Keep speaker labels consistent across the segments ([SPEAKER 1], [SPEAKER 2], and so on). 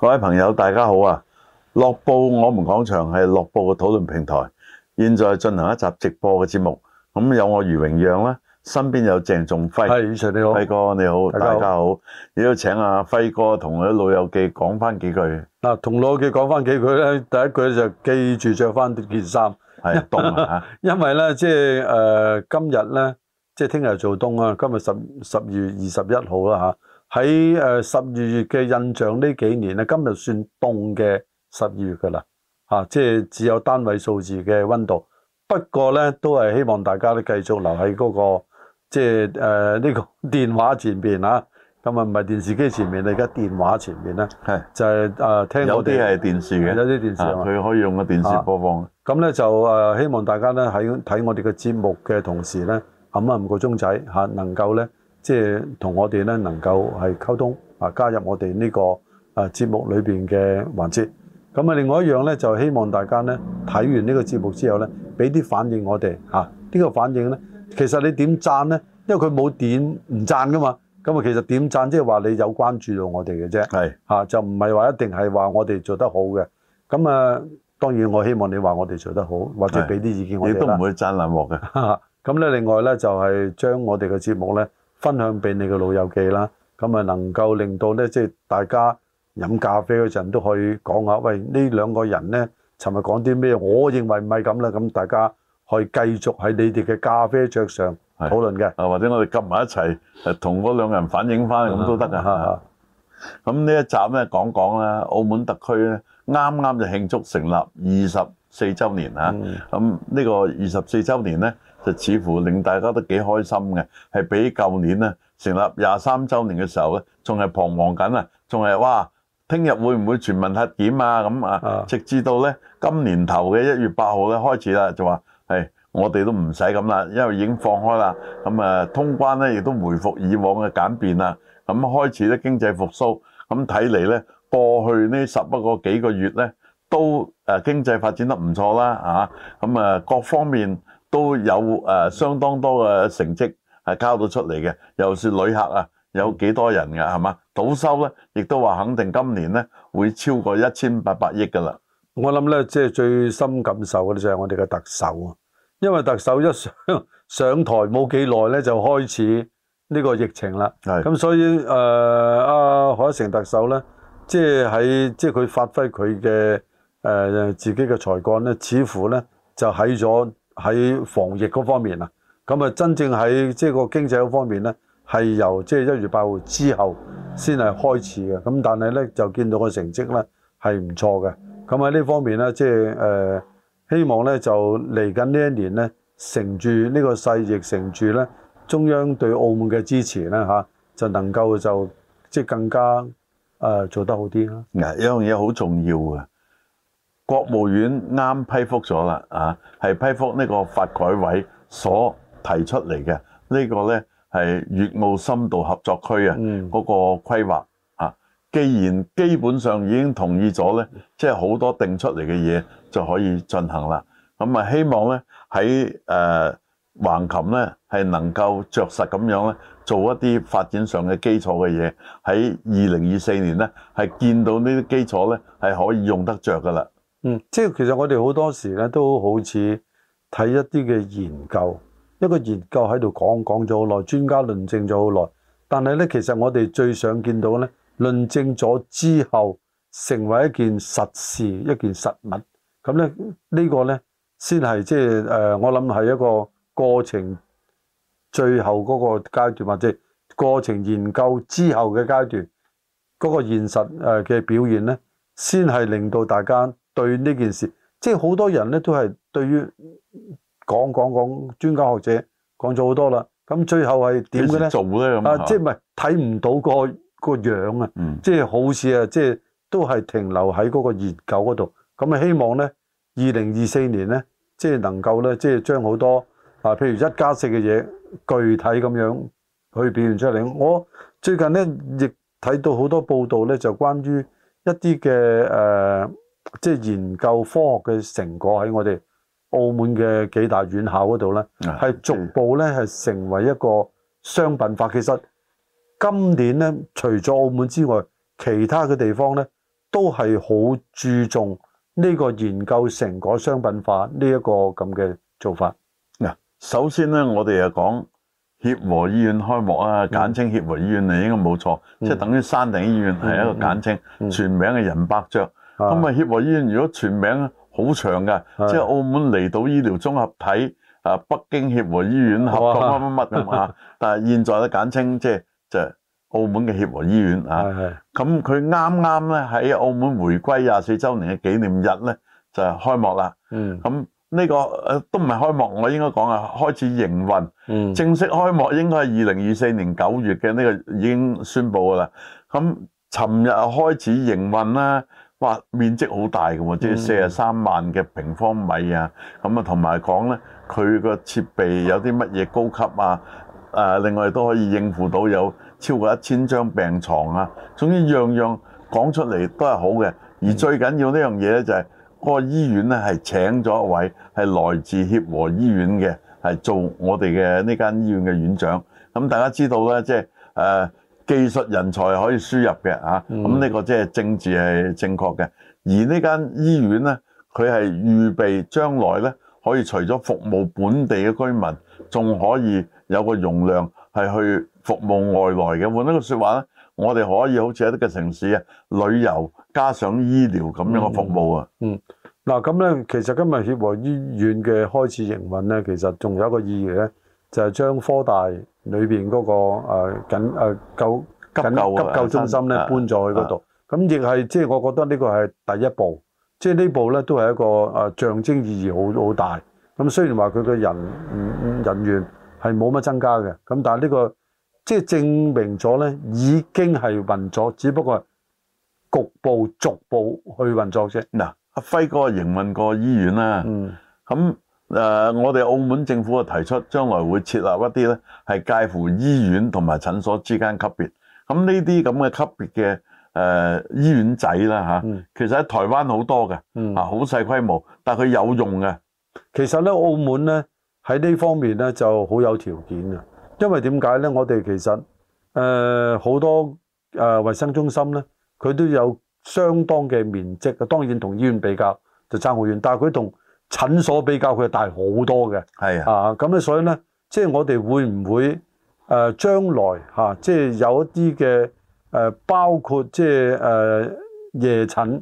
[SPEAKER 1] 各位朋友，大家好啊！樂報我們講場係樂報嘅討論平台，現在進行一集直播嘅節目。咁有我余榮讓啦，身邊有鄭仲輝。係余常你好，輝哥你好，大家好。亦都請阿輝哥同阿老友記講翻幾句。嗱，同老友記講翻幾
[SPEAKER 2] 句咧，第一句咧就記住着翻件衫，係凍啊吓。因為咧，即係誒，今日咧，即係聽日做冬啊，今日十，十二月二十一號啦吓。喺誒十二月嘅印象，呢幾年咧，今日算凍嘅十二月噶啦，吓，即係只有單位數字嘅溫度。不過咧，都係希望大家咧繼續留喺嗰、嗰個即係誒呢個電話前邊吓，咁啊唔係電視機前面，你而家電話前邊咧，係就係、是、誒、啊、聽我哋有啲係電視嘅，有啲電視佢、啊、可以用個電視播放。咁、啊、咧就誒、啊、希望大家咧喺睇我哋嘅節目嘅同時咧，摁五個鐘仔吓，能夠咧。即係同我哋咧能夠係溝通啊，加入我哋呢個啊節目裏面嘅環節。咁啊，另外一樣咧，就希望大家咧睇完呢個節目之後咧，俾啲反應我哋吓。呢個反應咧，其實你點讚咧，因為佢冇點唔讚噶嘛。咁啊，其實點讚即係話你有關注到我哋嘅啫。係吓，啊，就唔係話一定係話我哋做得好嘅。咁啊，當然我希望你話我哋做得好，或者俾啲意見我哋。你都唔會讚冷鑊嘅。咁啊，咧，另外咧就係、是、將我哋嘅節目咧，分享俾你個老友記啦，咁啊能夠令到咧，即係大家飲咖啡嗰陣都可以講下，喂，呢兩個人咧，尋日講啲咩？我認為唔係咁啦，咁大家可以繼續喺你哋嘅咖啡桌上討論嘅，
[SPEAKER 1] 啊或者我哋夾埋一齊，誒同嗰兩個人反映翻咁都得噶。咁呢一集咧講講啦，澳門特區咧啱啱就慶祝成立二十四週年啊，咁呢個二十四週年咧。就似乎令大家都幾開心嘅，係比舊年咧成立廿三週年嘅時候咧，仲係彷徨緊啊，仲係哇，聽日會唔會全民核檢啊咁啊？直至到咧今年頭嘅一月八號咧開始啦，就話係我哋都唔使咁啦，因為已經放開啦。咁啊，通關咧亦都回復以往嘅簡便啦。咁開始咧經濟復甦。咁睇嚟咧，過去呢十一個幾個月咧，都誒經濟發展得唔錯啦。啊，咁啊各方面。都有誒相當多嘅成績係交到出嚟嘅，又係旅客啊有幾多人㗎係嘛？賭收咧亦都話肯定今年咧會超過一千八百億㗎啦。
[SPEAKER 2] 我諗咧即係最深感受嘅就係我哋嘅特首啊，因為特首一上上台冇幾耐咧就開始呢個疫情啦。係咁所以誒賀一誠特首咧，即係喺即係佢發揮佢嘅誒自己嘅才幹咧，似乎咧就喺咗。喺防疫嗰方面啊，咁啊真正喺即係個經濟嗰方面咧，係由即係一月八號之後先係開始嘅。咁但係咧就見到個成績咧係唔錯嘅。咁喺呢方面咧，即係誒，希望咧就嚟緊呢一年咧，承住呢個勢亦承住咧中央對澳門嘅支持咧吓，就能夠就即係更加誒做得好啲啦。
[SPEAKER 1] 嗱，一樣嘢好重要嘅。國務院啱批覆咗啦，啊，係批覆呢個發改委所提出嚟嘅呢個呢係粵澳深度合作區啊嗰個規劃啊。既然基本上已經同意咗呢，即係好多定出嚟嘅嘢就可以進行啦。咁啊，希望呢喺誒橫琴呢，係能夠着實咁樣呢做一啲發展上嘅基礎嘅嘢，喺二零二四年呢，係見到呢啲基礎呢，係可以用得着噶
[SPEAKER 2] 啦。嗯，即係其實我哋好多時咧都好似睇一啲嘅研究，一個研究喺度講講咗好耐，專家論證咗好耐。但係咧，其實我哋最想見到咧，論證咗之後成為一件實事、一件實物。咁咧呢個咧先係即係誒，我諗係一個過程最後嗰個階段，或者過程研究之後嘅階段嗰個現實嘅表現咧，先係令到大家。對呢件事，即係好多人咧，都係對於講講講，專家學者講咗好多啦。咁最後係點嘅咧？做咧咁啊，即係唔係睇唔到個個樣啊、嗯，即係好似啊，即係都係停留喺嗰個研究嗰度。咁啊，希望咧，二零二四年咧，即係能夠咧，即係將好多啊，譬如一加四嘅嘢具體咁樣去表現出嚟。我最近咧亦睇到好多報道咧，就關於一啲嘅誒。呃即、就、係、是、研究科學嘅成果喺我哋澳門嘅幾大院校嗰度呢係逐步呢係成為一個商品化。其實今年呢，除咗澳門之外，其他嘅地方呢都係好注重呢個研究成果商品化呢一個咁嘅做法。嗱，
[SPEAKER 1] 首先呢，我哋又講協和醫院開幕啊，簡稱協和醫院你應該冇錯，即、嗯、係、等於山頂醫院係一個簡稱全名嘅、嗯嗯嗯，全名嘅仁伯爵。咁啊！協和醫院如果全名好長㗎，即係澳門離島醫療綜合體啊，北京協和醫院合作乜乜乜啊。但係現在咧簡稱即係就澳門嘅協和醫院啊。咁佢啱啱咧喺澳門回歸廿四周年嘅紀念日咧就開幕啦。咁呢個誒都唔係開幕，我應該講啊，開始營運。正式開幕應該係二零二四年九月嘅，呢個已經宣布㗎啦。咁尋日開始營運啦。哇！面積好大嘅喎，即係四十三萬嘅平方米啊！咁、嗯、啊，同埋講呢，佢個設備有啲乜嘢高級啊？誒、啊，另外都可以應付到有超過一千張病床啊！總之樣樣講出嚟都係好嘅。而最緊要呢樣嘢呢，就係嗰個醫院呢，係請咗一位係來自協和醫院嘅，係做我哋嘅呢間醫院嘅院長。咁大家知道啦，即係誒。呃技術人才可以輸入嘅啊，咁呢個即係政治係正確嘅。而呢間醫院呢，佢係預備將來呢可以除咗服務本地嘅居民，仲可以有個容量係去服務外來嘅。換一個説話呢，我哋可以好似喺呢個城市啊，旅遊加上醫療咁樣嘅服務啊。
[SPEAKER 2] 嗯，嗱咁呢，其實今日協和醫院嘅開始營運呢，其實仲有一個意義呢，就係將科大，裏邊嗰個誒緊誒救急救急救中心咧搬咗去嗰度，咁亦係即係我覺得呢個係第一步，即係呢步咧都係一個誒象徵意義好好大。咁雖然話佢嘅人人員係冇乜增加嘅，咁但係呢、這個即係、就是、證明咗咧已經係運咗，只不過局部逐步去運作啫。嗱、
[SPEAKER 1] 啊，阿輝哥營運個醫院啦、啊，咁、嗯。嗯誒、呃，我哋澳門政府啊提出，將來會設立一啲呢係介乎醫院同埋診所之間級別。咁呢啲咁嘅級別嘅誒、呃、醫院仔啦、啊、其實喺台灣好多嘅，
[SPEAKER 2] 啊好細規模，但佢有用嘅。其實呢，澳門呢喺呢方面呢就好有條件嘅，因為點解呢？我哋其實誒好、呃、多誒衛、呃、生中心呢，佢都有相當嘅面積嘅，當然同醫院比較就差好遠，但佢同診所比較佢大好多嘅，係啊，咁咧所以咧，即係我哋會唔會誒將、呃、來、啊、即係有一啲嘅誒，包括即係誒、呃、夜診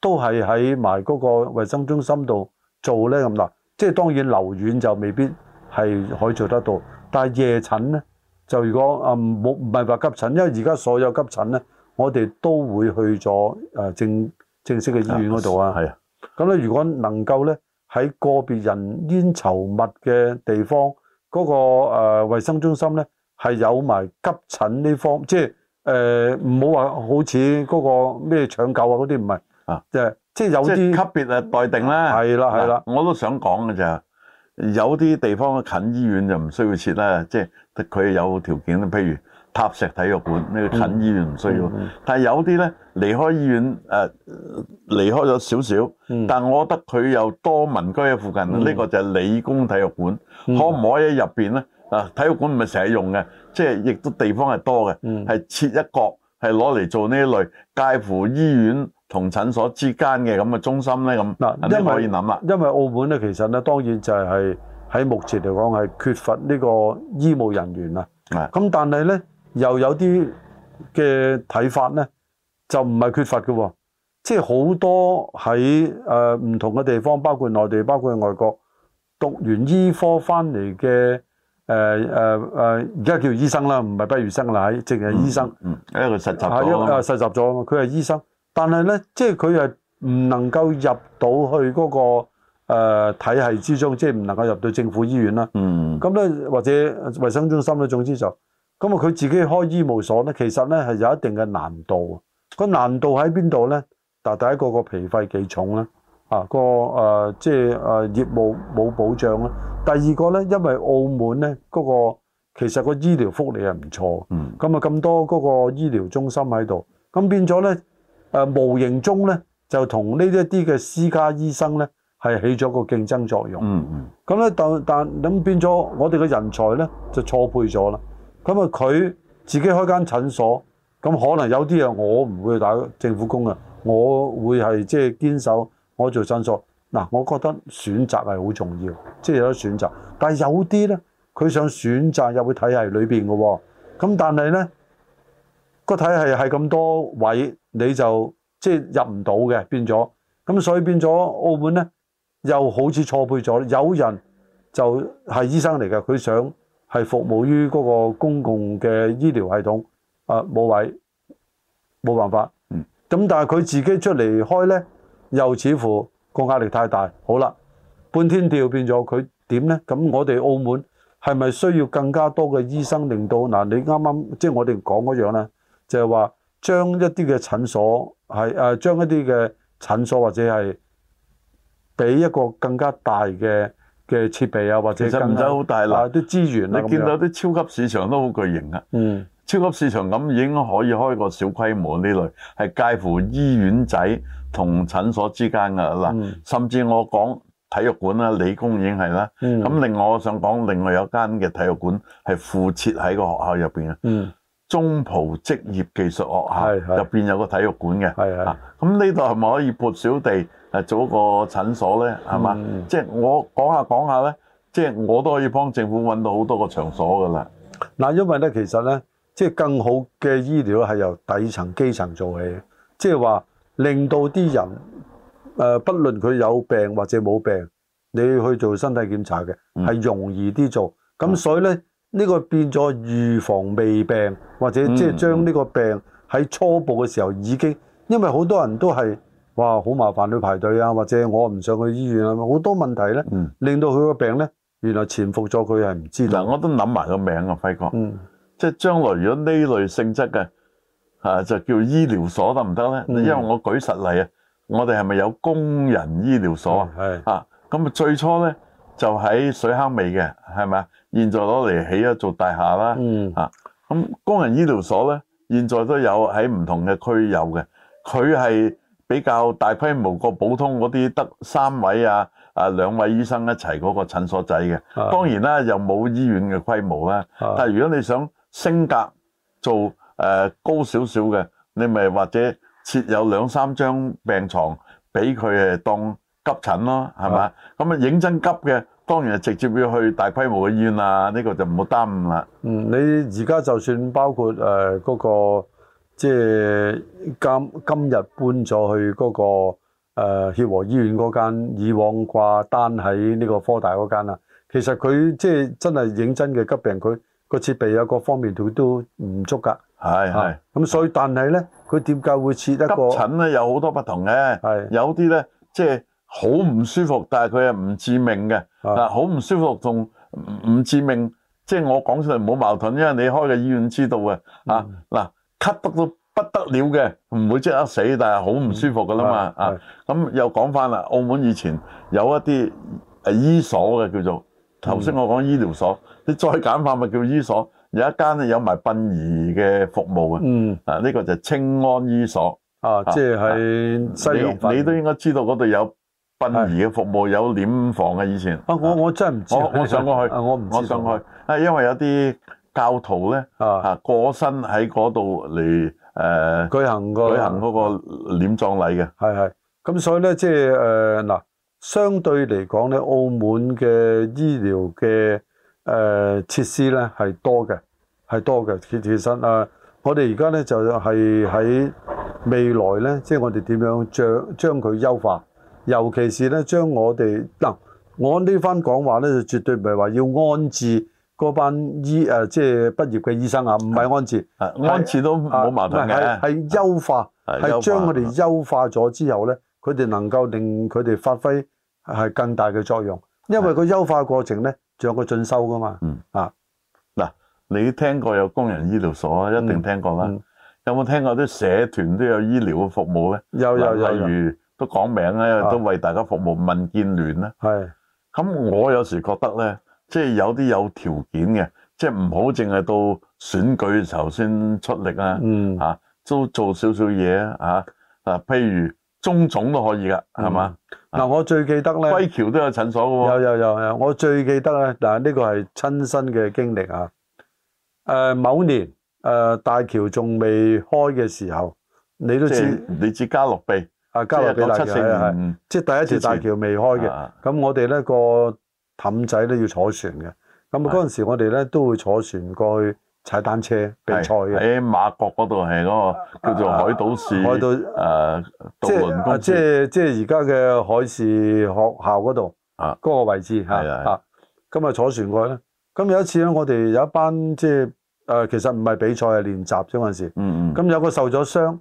[SPEAKER 2] 都係喺埋嗰個衞生中心度做咧，咁嗱，即係當然留院就未必係可以做得到，但係夜診咧就如果誒冇唔係話急診，因為而家所有急診咧，我哋都會去咗誒、呃、正正式嘅醫院嗰度啊，係啊，咁咧如果能夠咧。喺個別人煙稠密嘅地方，嗰個誒衞生中心咧係有埋急診呢方，即係誒唔好話好似嗰個咩搶救啊嗰啲唔係啊，即係即有啲級
[SPEAKER 1] 別啊待定啦，係啦係啦，我都想講嘅咋，有啲地方近醫院就唔需要設啦，即係佢有條件譬如。塔石體育館呢個近醫院唔需要，但係有啲咧離開醫院誒離開咗少少，但係我覺得佢又多民居喺附近，呢個就係理工體育館，可唔可以喺入邊咧？啊，體育館唔係成日用嘅，即係亦都地方係多嘅，係設一角係攞嚟做呢一類介乎醫院同診所之間嘅咁嘅中心
[SPEAKER 2] 咧咁，嗱，你可以諗啦。因為澳門咧，其實咧當然就係係喺目前嚟講係缺乏呢個醫務人員啦，咁但係咧。又有啲嘅睇法咧，就唔係缺乏嘅，哦，即係好多喺誒唔同嘅地方，包括內地，包括外國，讀完醫科翻嚟嘅誒誒誒，而、呃、家、呃呃、叫醫生啦，唔係畢業生啦，係淨係醫生。嗯，嗯，因為佢實習咗。啊，實習咗啊嘛，佢係醫生，但係咧，即係佢係唔能夠入到去嗰、嗰個誒、呃、體系之中，即係唔能夠入到政府醫院啦。嗯。咁咧，或者衞生中心咧，總之就。咁啊，佢自己開醫務所咧，其實咧係有一定嘅難度。個難度喺邊度咧？第一個個皮費幾重啦，啊個誒即係誒業務冇保障啦。第二個咧，因為澳門咧嗰個其實個醫療福利係唔錯，咁啊咁多嗰個醫療中心喺度，咁變咗咧誒無形中咧就同呢一啲嘅私家醫生咧係起咗個競爭作用。咁咧但但咁變咗我哋嘅人才咧就錯配咗啦。咁啊！佢自己開間診所，咁可能有啲人，我唔會打政府工啊，我會係即係堅守我做診所。嗱，我覺得選擇係好重要，即係有得選擇。但係有啲呢，佢想選擇入去體系裏面嘅喎。咁但係呢個體系係咁多位，你就即係入唔到嘅變咗。咁所以變咗澳門呢，又好似錯配咗。有人就係醫生嚟嘅，佢想，係服務於嗰個公共嘅醫療系統，啊，冇位冇辦法。咁但係佢自己出嚟開咧，又似乎個壓力太大。好啦，半天吊變咗佢點咧？咁我哋澳門係咪需要更加多嘅醫生？令到嗱，你啱啱即係我哋講嗰樣咧，就係、係、話、就係、將一啲嘅診所係誒、啊、將一啲嘅診所或者係俾一個更加大嘅。嘅設備啊，或者其實唔使好大啦，啲資源，啊啊資源啊，你見到
[SPEAKER 1] 啲超級市場都好巨型噶、啊嗯，超級市場咁已經可以開個小規模呢類，係介乎醫院仔同診所之間噶啦、嗯、甚至我講體育館啦，理工已經係啦，咁、嗯、另外我想講另外有間嘅體育館係附設喺個學校入面嗯，中葡職業技術學校入面有個體育館嘅，咁呢度係咪可以撥小地？誒做一個診所咧，係嘛、嗯？即係我講下講下咧，即係我都可以幫政府
[SPEAKER 2] 揾到好多個場所噶啦。嗱，因為咧其實咧，即係更好嘅醫療係由底層、基層做起，即係話令到啲人誒，不論佢有病或者冇病，你去做身體檢查嘅係、嗯、容易啲做。咁、嗯、所以咧，呢個變咗預防未病，或者即係將呢個病喺初步嘅時候已經，因為好多人都係。哇，好麻煩你排隊啊，或者我唔上去醫院啊，好多問題咧，令到佢個病咧、嗯、原來潛伏咗，佢係唔知嗱、嗯，我都諗埋個名啊，輝哥，嗯、即係將來如果呢類性質嘅、
[SPEAKER 1] 啊、嚇、啊、就叫醫療所得唔得咧？因為我舉實例啊，我哋係咪有工人醫療所、嗯、啊？係啊，咁啊最初咧就喺水坑尾嘅，係咪啊？現在攞嚟起一座大廈啦、嗯，啊咁工人醫療所咧，現在都有喺唔同嘅區有嘅，佢係。比較大規模，個普通嗰啲得三位啊、啊兩位醫生一齊嗰個診所仔嘅，當然啦、啊、又冇醫院嘅規模啦、啊。但係如果你想升格做誒、呃、高少少嘅，你咪或者設有兩三張病床俾佢誒當急診咯，係嘛？咁啊認真急嘅，當然係直接要去大規模嘅醫院啦。呢個就唔好耽誤啦。嗯，
[SPEAKER 2] 你而家就算包括誒嗰、呃嗰個。即係今今日搬咗去嗰個誒協和醫院嗰間，以往掛單喺呢個科大嗰間啦。其實佢即係真係認真嘅急病，佢個設備啊各方面佢都唔足㗎。係係咁，所以但係咧，佢點解會設得急診
[SPEAKER 1] 咧？有好多不同嘅，有
[SPEAKER 2] 啲咧即係
[SPEAKER 1] 好唔舒服，但係佢係唔致命嘅嗱，好唔舒服同唔致命，即係我講出嚟冇矛盾，因為你開嘅醫院知道嘅啊嗱。嗯啊咳得都不得了嘅，唔會即刻死，但係好唔舒服噶啦嘛啊！咁、啊、又講翻啦，澳門以前有一啲啊醫所嘅叫做，頭先我講醫療所，嗯、你再簡化咪叫醫所，有一間咧有埋殯儀嘅服務嘅、嗯，啊呢、呢個就係清安醫所
[SPEAKER 2] 啊，即係西灣、啊。你
[SPEAKER 1] 都應該知道嗰度有殯儀嘅服務，有殮房嘅以前。啊！我我真唔知、啊我，我上過去，啊、
[SPEAKER 2] 我唔上去、
[SPEAKER 1] 啊，因為有啲。教徒咧啊，過身喺嗰度嚟
[SPEAKER 2] 誒，舉行個舉行嗰個殮葬禮嘅，係係。咁所以咧，即係誒嗱，相對嚟講咧，澳門嘅醫療嘅誒設施咧係多嘅，係多嘅。其其實誒，我哋而家咧就係喺未來咧，即係我哋點樣將將佢優化，尤其是咧將我哋嗱，我呢番講話咧，就絕對唔係話要安置。個班醫誒即係畢業嘅醫生啊，唔係安置，安置都冇問題嘅。係優化，係將佢哋優化咗之後咧，佢哋能夠令佢哋發揮係更大嘅作用。因為個優化過程咧，仲有個進修噶嘛。嗯啊，
[SPEAKER 1] 嗱，你聽過有工人醫療所啊？一定聽過啦。有冇聽過啲社團都有醫療嘅服務咧？有有有。例如都講名咧，都為大家服務。民建聯咧，係。咁我有時覺得咧。即係有啲有條件嘅，即係唔好淨係到選舉嘅時候先出力啊、嗯！啊，都做少少嘢啊！啊，譬如中總都可以噶，係、嗯、嘛？
[SPEAKER 2] 嗱、嗯，我最記得咧，歸僑都有診所嘅喎、啊。有有有有，我最記得咧嗱，呢、這個係親身嘅經歷啊！誒、呃，某年誒、呃、大橋仲未開嘅時候，你都知你知嘉樂庇，啊，嘉樂庇七四係啊，即係第一次大橋未開嘅，咁、啊、我哋呢、那個。氹仔都要坐船嘅，咁嗰陣時我哋咧都會坐船過去踩單車比賽嘅。喺
[SPEAKER 1] 媽閣嗰度係嗰個
[SPEAKER 2] 叫做海島市，啊、海島誒、啊，即係即係即係而家嘅海事學校嗰度，嗰、啊嗰個位置嚇。咁啊坐船過去咧，咁有一次咧，我哋有一班即係其實唔係比賽係練習啫嗰陣時。嗯嗯。咁有個受咗傷，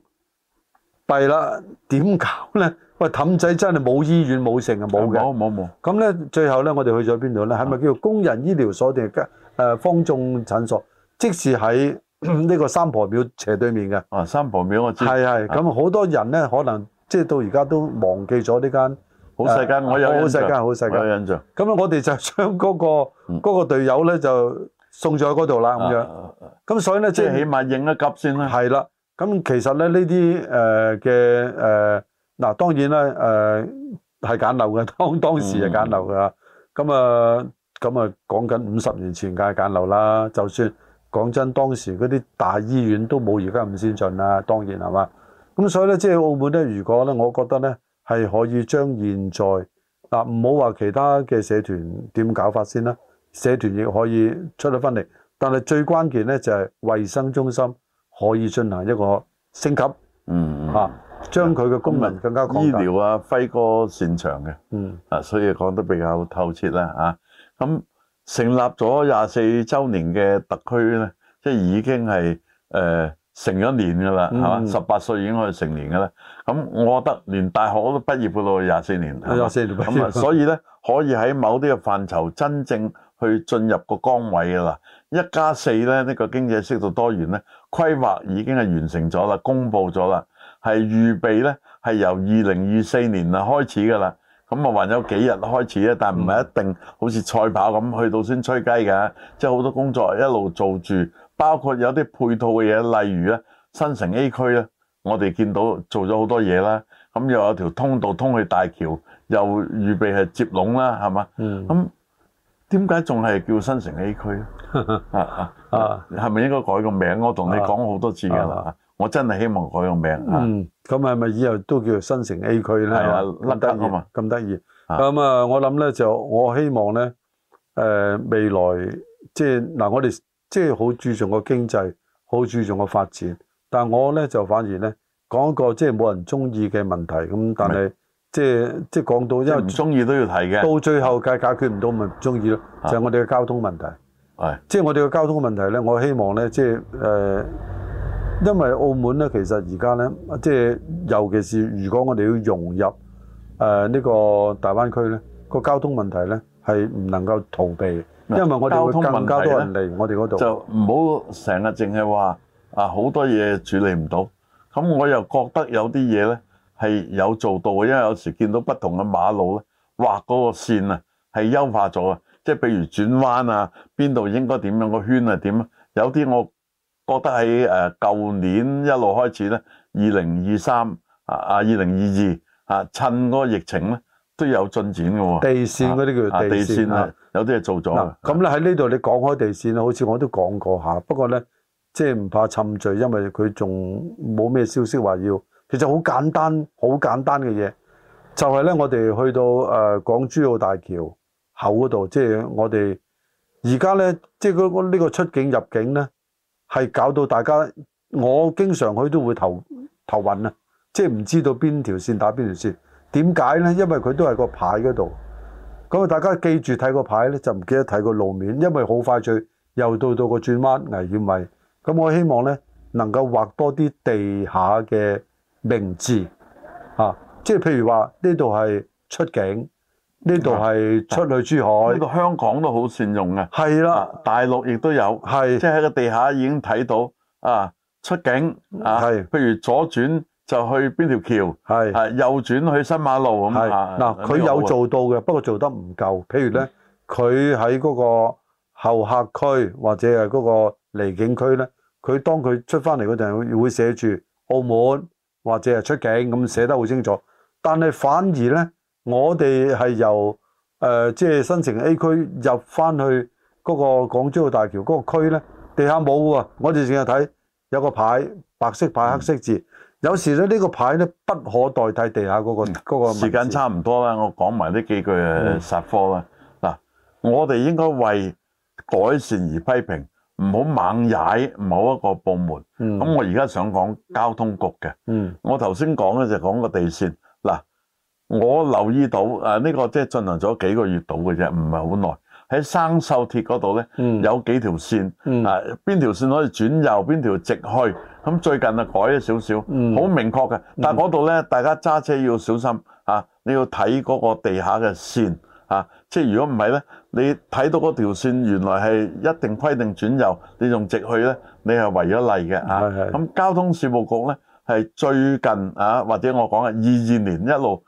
[SPEAKER 2] 弊啦，點搞咧？喂，氹仔真係冇醫院冇城啊，冇嘅。冇冇冇。咁咧，最後咧，我哋去咗邊度咧？係咪叫做工人醫療所定係家方仲診所？即是喺呢個三婆廟斜對面嘅。啊，三婆廟我知。係係。咁、啊、好多人咧，可能即係到而家都忘記咗呢間好細間，我有、啊、好細間，好細間印象。咁啊、那個，我哋就將嗰個嗰個隊友咧，就送咗去嗰度啦。咁、啊、樣。咁所以咧，即係起碼應一急先啦。係啦。咁其實咧，呢啲誒嘅誒。呃嗱、啊，當然啦，誒係簡陋嘅，當當時係簡陋㗎。咁、嗯、啊，咁啊，講緊五十年前梗係簡陋啦。就算講真，當時嗰啲大醫院都冇而家咁先進啦。當然係嘛。咁所以咧，即係澳門咧，如果咧，我覺得咧係可以將現在嗱，唔好話其他嘅社團點搞法先啦，社團亦可以出力分力。但係最關鍵咧就係、是、衞生中心可以進行一個升級，嗯啊。將佢嘅公民更加廣泛，醫療
[SPEAKER 1] 啊，輝哥擅長嘅，啊，所以講得比較透徹啦。咁成立咗廿四週年嘅特區咧，即係已經係誒、呃、成咗年㗎啦，係嘛？十八歲已經可以成年㗎啦。咁我覺得連大學都畢業咗，到廿四年，廿四年。咁啊，所以咧可以喺某啲嘅範疇真正去進入個崗位㗎啦。一加四咧，呢個經濟適度多元咧，規劃已經係完成咗啦，公布咗啦。係預備咧，係由二零二四年啊開始噶啦。咁啊，還有幾日開始咧，但唔係一定好似賽跑咁，去到先吹雞㗎。即係好多工作一路做住，包括有啲配套嘅嘢，例如咧，新城 A 區咧，我哋見到做咗好多嘢啦。咁又有條通道通去大橋，又預備係接龍啦，係嘛？嗯，咁點解仲係叫新城 A 區 啊啊，係咪應該改個名？我同你講好多次㗎啦。我真
[SPEAKER 2] 係希望改個名，嗯，咁係咪以後都叫新城 A 區咧？係得㗎嘛，咁得意。咁啊、嗯，我諗咧就，我希望咧，誒、呃、未來即係嗱、呃，我哋即係好注重個經濟，好注重個發展。但係我咧就反而咧講一個即係冇人中意嘅問題咁，但係即係即係講到，因為唔中意都要睇嘅，到最後解解決唔到咪唔中意咯。就係、我哋嘅交通問題，係即係我哋嘅交通問題咧，我希望咧即係誒。呃因為澳門咧，其實而家咧，即係尤其是如果我哋要融入誒呢個大灣區咧，個交通問題咧係唔能夠逃避。因為我哋交通嘅問題咧，就
[SPEAKER 1] 唔好成日淨係話啊好多嘢處理唔到。咁我又覺得有啲嘢咧係有做到嘅，因為有時見到不同嘅馬路咧，畫嗰個線啊係優化咗嘅，即係譬如轉彎啊，邊度應該點樣個圈啊點？有啲我。覺得喺誒舊年一路開始咧，二零二三啊啊，二零二二嚇，趁嗰個疫情咧都有進展嘅喎、啊。地線嗰啲叫地線啦、啊啊啊，有啲嘢做咗。
[SPEAKER 2] 咁咧喺呢度你講開地線，好似我都講過下，不過咧即係唔怕沉醉，因為佢仲冇咩消息話要。其實好簡單，好簡單嘅嘢就係、是、咧，我哋去到誒、呃、港珠澳大橋口嗰度，即、就、係、是、我哋而家咧，即係嗰呢個出境入境咧。係搞到大家，我經常去都會頭頭暈啊！即係唔知道邊條線打邊條線。點解呢？因為佢都係個牌嗰度。咁啊，大家記住睇個牌呢，就唔記得睇個路面，因為好快脆又到到個轉彎危險位。咁我希望呢，能夠畫多啲地下嘅名字啊！即係譬如話呢度係出境。呢度係出去珠海，呢個香港都好善用嘅。係啦，
[SPEAKER 1] 大陸亦都有，係即係喺個地下已經睇到啊出境，係，譬如左轉就去邊條橋，係，右轉去新馬路咁。嗱，佢有做
[SPEAKER 2] 到嘅，不過做得唔夠。譬如咧，佢喺嗰個候客區或者係嗰個離境區咧，佢當佢出翻嚟嗰陣會會寫住澳門或者係出境，咁寫得好清楚，但係反而咧。我哋係由誒，即、呃、係、就是、新城 A 區入翻去嗰港珠澳大橋嗰個區咧，地下冇啊。我哋成日睇有個牌，白色牌黑色字。嗯、有時咧呢、這個牌咧不可代替地下嗰個嗰個。嗯那個、時間差唔多啦，
[SPEAKER 1] 我講埋呢幾句實科啦。嗱、嗯，我哋應該為改善而批評，唔好猛踩某一個部門。咁、嗯、我而家想講交通局嘅。嗯，我頭先講咧就講個地線。我留意到，誒、啊、呢、呢個即係進行咗幾個月到嘅啫，唔係好耐。喺生鏽鐵嗰度呢、嗯，有幾條線，嗯、啊邊條線可以轉右，邊條直去。咁、啊、最近啊改咗少少，好明確嘅。但嗰度呢，大家揸車要小心啊，你要睇嗰個地下嘅線啊，即係如果唔係呢，你睇到嗰條線原來係一定規定轉右，你仲直去呢，你係違咗例嘅啊，咁、啊、交通事務局呢，係最近啊，或者我講嘅，二二年一路。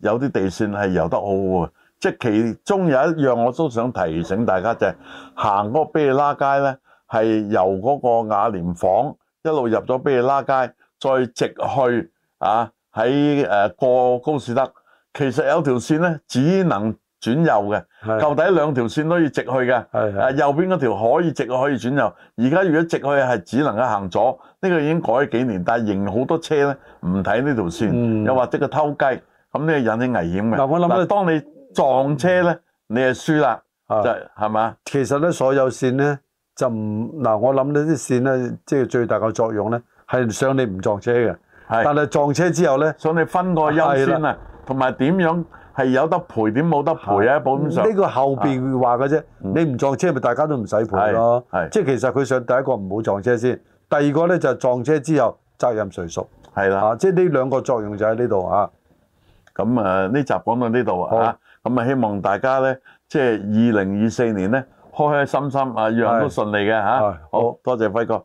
[SPEAKER 1] 有啲地線係油得好嘅，即係其中有一樣我都想提醒大家，就係行嗰個卑利拉街咧，係由嗰個雅廉訪一路入咗卑利拉街，再直去啊喺誒過高士德。其實有條線咧只能轉右嘅，舊底兩條線都可以直去嘅。係右邊嗰條可以直去，可以轉右，而家如果直去係只能夠行左。呢個已經改咗幾年，但係仍好多車咧唔睇呢條線，又或者佢偷雞。咁呢個引起危險嘅嗱，我諗咧，
[SPEAKER 2] 當你撞車咧、嗯，你係輸啦，就係、係、咪？嘛。其實咧，所有線咧就唔嗱，我諗呢啲線咧，即係最大嘅作用咧，係想你唔撞車嘅。但係撞車之後咧，想你分個優先啊，同埋點樣係有得賠點冇得賠啊？保險呢、呢個後面話嘅啫，你唔撞車咪大家都唔使賠咯。即係其實佢想第一個唔好撞車先，第二個咧就係撞車之後責任誰屬係啦。即係呢兩個作用就喺呢度啊。咁啊，呢集講到呢
[SPEAKER 1] 度啊，咁啊，希望大家咧，即係二零二四年咧，開開心心啊，樣樣都順利嘅吓，好，多謝輝哥。